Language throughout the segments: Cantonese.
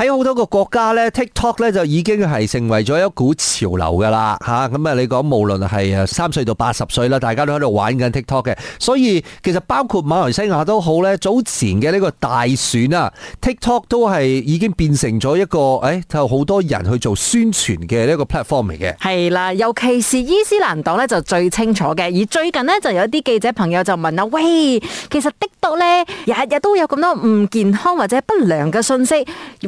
喺好多個國家咧，TikTok 咧就已經係成為咗一股潮流噶啦，吓咁啊！你講無論係誒三歲到八十歲啦，大家都喺度玩緊 TikTok 嘅，所以其實包括馬來西亞都好咧，早前嘅呢個大選啊，TikTok 都係已經變成咗一個誒，就、哎、好多人去做宣傳嘅呢個 platform 嚟嘅。係啦，尤其是伊斯蘭黨咧就最清楚嘅，而最近咧就有啲記者朋友就問啦，喂，其實 TikTok 咧日日都有咁多唔健康或者不良嘅信息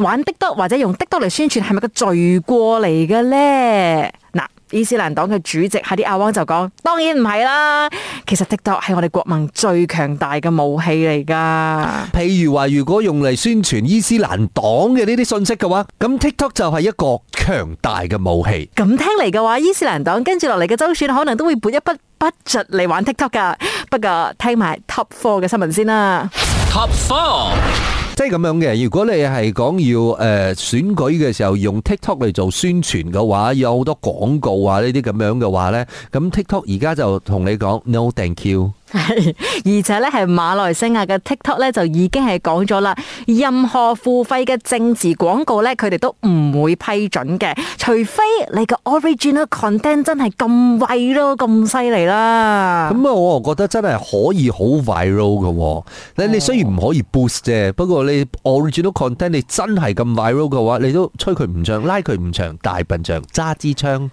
玩。TikTok 或者用 TikTok 嚟宣傳係咪個罪過嚟嘅呢？嗱，伊斯蘭黨嘅主席哈迪阿旺就講，當然唔係啦。其實 TikTok 係我哋國民最強大嘅武器嚟噶。譬如話如果用嚟宣傳伊斯蘭黨嘅呢啲信息嘅話，咁 TikTok 就係一個強大嘅武器。咁聽嚟嘅話，伊斯蘭黨跟住落嚟嘅州選可能都會撥一筆 budget 嚟玩 TikTok 噶。不過聽埋 Top Four 嘅新聞先啦，Top Four。即係咁樣嘅，如果你係講要誒選舉嘅時候用 TikTok 嚟做宣傳嘅話，有好多廣告啊呢啲咁樣嘅話咧，咁 TikTok 而家就同你講 No thank you。 而且咧，係馬來西亞嘅 TikTok 咧，就已經係講咗啦。任何付費嘅政治廣告咧，佢哋都唔會批准嘅，除非你個 original content 真係咁威咯，咁犀利啦。咁啊，我又覺得真係可以好 viral 㗎喎。你你雖然唔可以 boost 啫，不過你 original content 你真係咁 viral 嘅話，你都吹佢唔漲，拉佢唔長，大笨象揸支槍。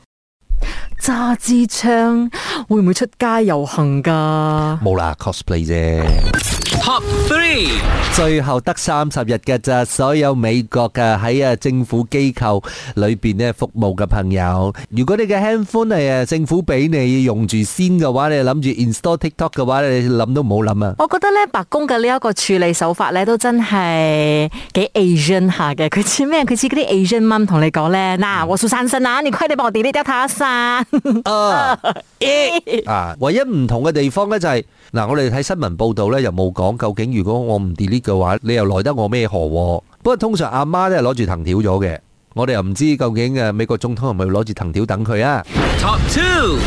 揸支槍會唔會出街遊行㗎？冇啦，cosplay 啫。Cos Top three，最後得三十日嘅咋，所有美國嘅喺啊政府機構裏邊咧服務嘅朋友，如果你嘅手機係啊政府俾你用住先嘅話，你諗住 install TikTok 嘅話，你諗都唔好諗啊。我覺得咧，白宮嘅呢一個處理手法咧，都真係幾 Asian 下嘅。佢似咩？佢似嗰啲 Asian mom 同你講咧。嗱，我數三聲啦，你快啲幫我 delete 掉他山啊！一啊，唯一唔同嘅地方咧就係嗱，我哋睇新聞報道咧又冇講。究竟如果我唔 delete 嘅話，你又奈得我咩何？不過通常阿媽都係攞住藤條咗嘅，我哋又唔知究竟誒美國總統係咪攞住藤條等佢啊？Top two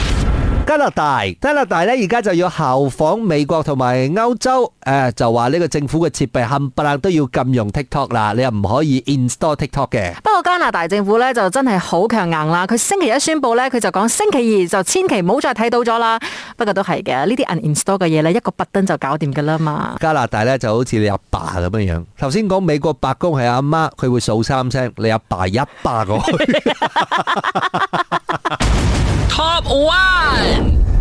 加拿大。加拿大呢而家就要效仿美國同埋歐洲，誒、呃、就話呢個政府嘅設備冚唪唥都要禁用 TikTok 啦，你又唔可以 install TikTok 嘅。加拿大政府咧就真係好強硬啦，佢星期一宣布咧，佢就講星期二就千祈唔好再睇到咗啦。不過都係嘅，呢啲 uninstall 嘅嘢咧，一個拔 u 就搞掂噶啦嘛。加拿大咧就好似你阿爸咁樣樣，頭先講美國白宮係阿媽，佢會數三聲，你阿爸，爸一百去 Top one。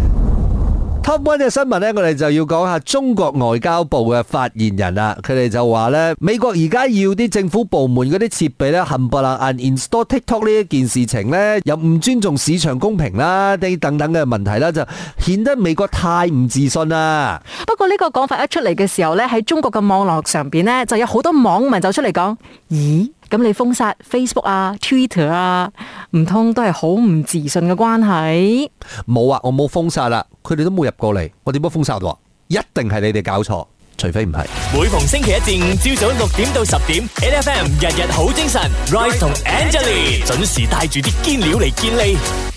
Top One 嘅新聞咧，我哋就要講下中國外交部嘅發言人啦。佢哋就話咧，美國而家要啲政府部門嗰啲設備咧，冚唪唥 uninstall TikTok 呢一件事情咧，又唔尊重市場公平啦，啲等等嘅問題啦，就顯得美國太唔自信啦。不過呢個講法一出嚟嘅時候咧，喺中國嘅網絡上邊咧，就有好多網民走出嚟講，咦？咁你封殺 Facebook 啊、Twitter 啊，唔通都係好唔自信嘅關係？冇啊，我冇封殺啦，佢哋都冇入過嚟，我點解封殺嘅？一定係你哋搞錯，除非唔係。每逢星期一至五朝早六點到十點，AiFM 日日好精神，Rise 同 Angelina 準時帶住啲堅料嚟見你。